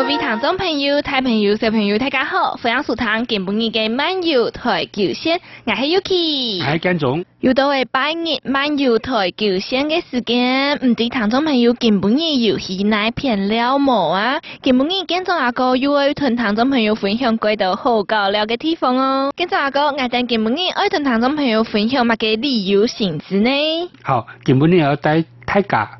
各位聽眾朋友、大朋友、小朋友大家好，歡迎收聽今日嘅《漫遊台球線》，我係 Yuki，我係姜總。又到嚟拜年漫遊台球線嘅時間，唔知聽眾朋友今半日遊去哪片了冇啊？今日姜總阿哥要同聽眾朋友分享幾度好夠料嘅地方哦。姜總阿哥，我等今日要同聽眾朋友分享乜嘅旅遊勝地呢？好，今半日要帶大家。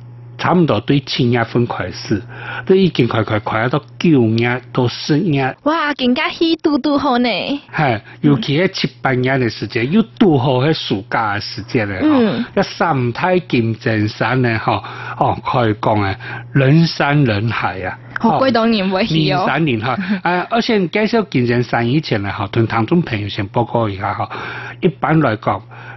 差不多對七月份開始，都已經快快快要到九月到十月。哇，更加去度度好呢！係，尤其喺七八年的時間，又度好喺暑假嘅時間咧。嗯，一、嗯、三台金針山咧，吼，哦可以講啊，人山人海啊，好歸當年唔會、哦。人山人海啊！而且介紹金針山以前咧，哈，同唐總朋友先報告一下哈，一般來講。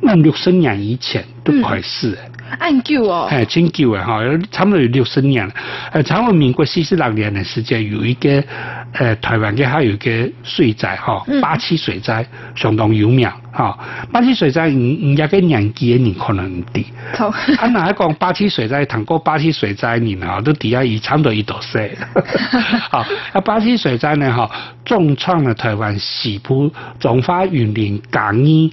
那、嗯、六十年以前都快死是哎，很、嗯、久哦，哎，清久哎，哈，差不多有六十年了。哎，差民國四十六年的時間，有一個，呃台灣嘅還有一個水災哈、哦，八七水災相當有名哈、哦。八七水災五五廿個年紀嘅人可能唔滴。錯同。啊，那還講八七水災，談過八七水災嘅人啊，都抵下已差唔多已倒死。啊， 啊，八七水災呢，哈、哦，重創了台灣西部，種花雲林、港伊。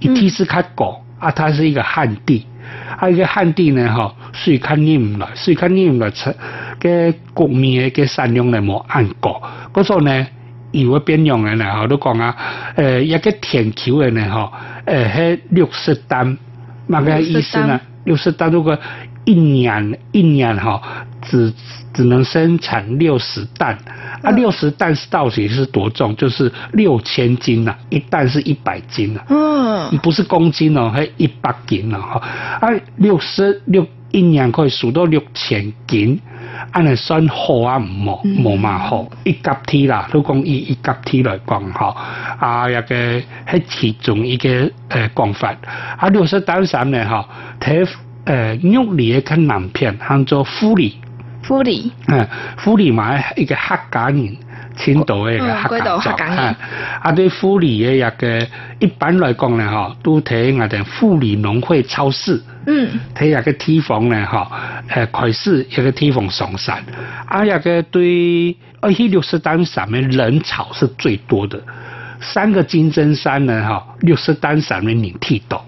伊地勢較高，啊，它是一個旱地，啊，一個旱地呢，吼，水看淹不來，水看淹不來，產嘅穀米嘅產量呢冇按過，嗰時呢，伊會變樣嘅呢，吼，都講啊，誒，一個田丘嘅呢，吼、呃，誒，迄綠色丹，哪個意思呢？綠色丹如果一年一年，吼。只只能生產六十擔啊！六十擔是到底是多重？就是六千斤呐、啊，一擔是一百斤呐、啊，嗯，不是公斤哦，係、哦啊啊、一百斤咯哈。啊，六十六一年可以數到六千斤，按嚟算好啊，唔毛毛蠻好。一甲梯啦，如果以一甲梯來講哈，啊一個喺其中一個誒廣泛。啊六十擔啥呢哈？睇誒肉里嘅肯南片，喊做腐里。富里，富里嗯，富里買一個黑橄欖，青島嘅黑橄欖，啊對富里嘅一個一般來講呢，嗬，都睇下啲富里農會超市，嗯，睇下個梯房呢，嗬、啊，誒開始一個梯房上山，啊一、啊那個對二溪六十丹山咪人潮是最多的，三個金針山呢，嗬，六十石山咪你睇到。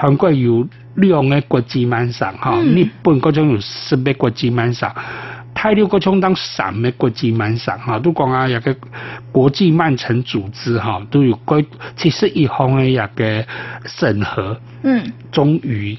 香韓國有兩個國際慢城，哈，日本各種有十八國際慢城，泰國嗰種有三個國際慢城，哈，都講啊一個國際慢城組織，哈，都有七十一項嘅一個審核，嗯，終於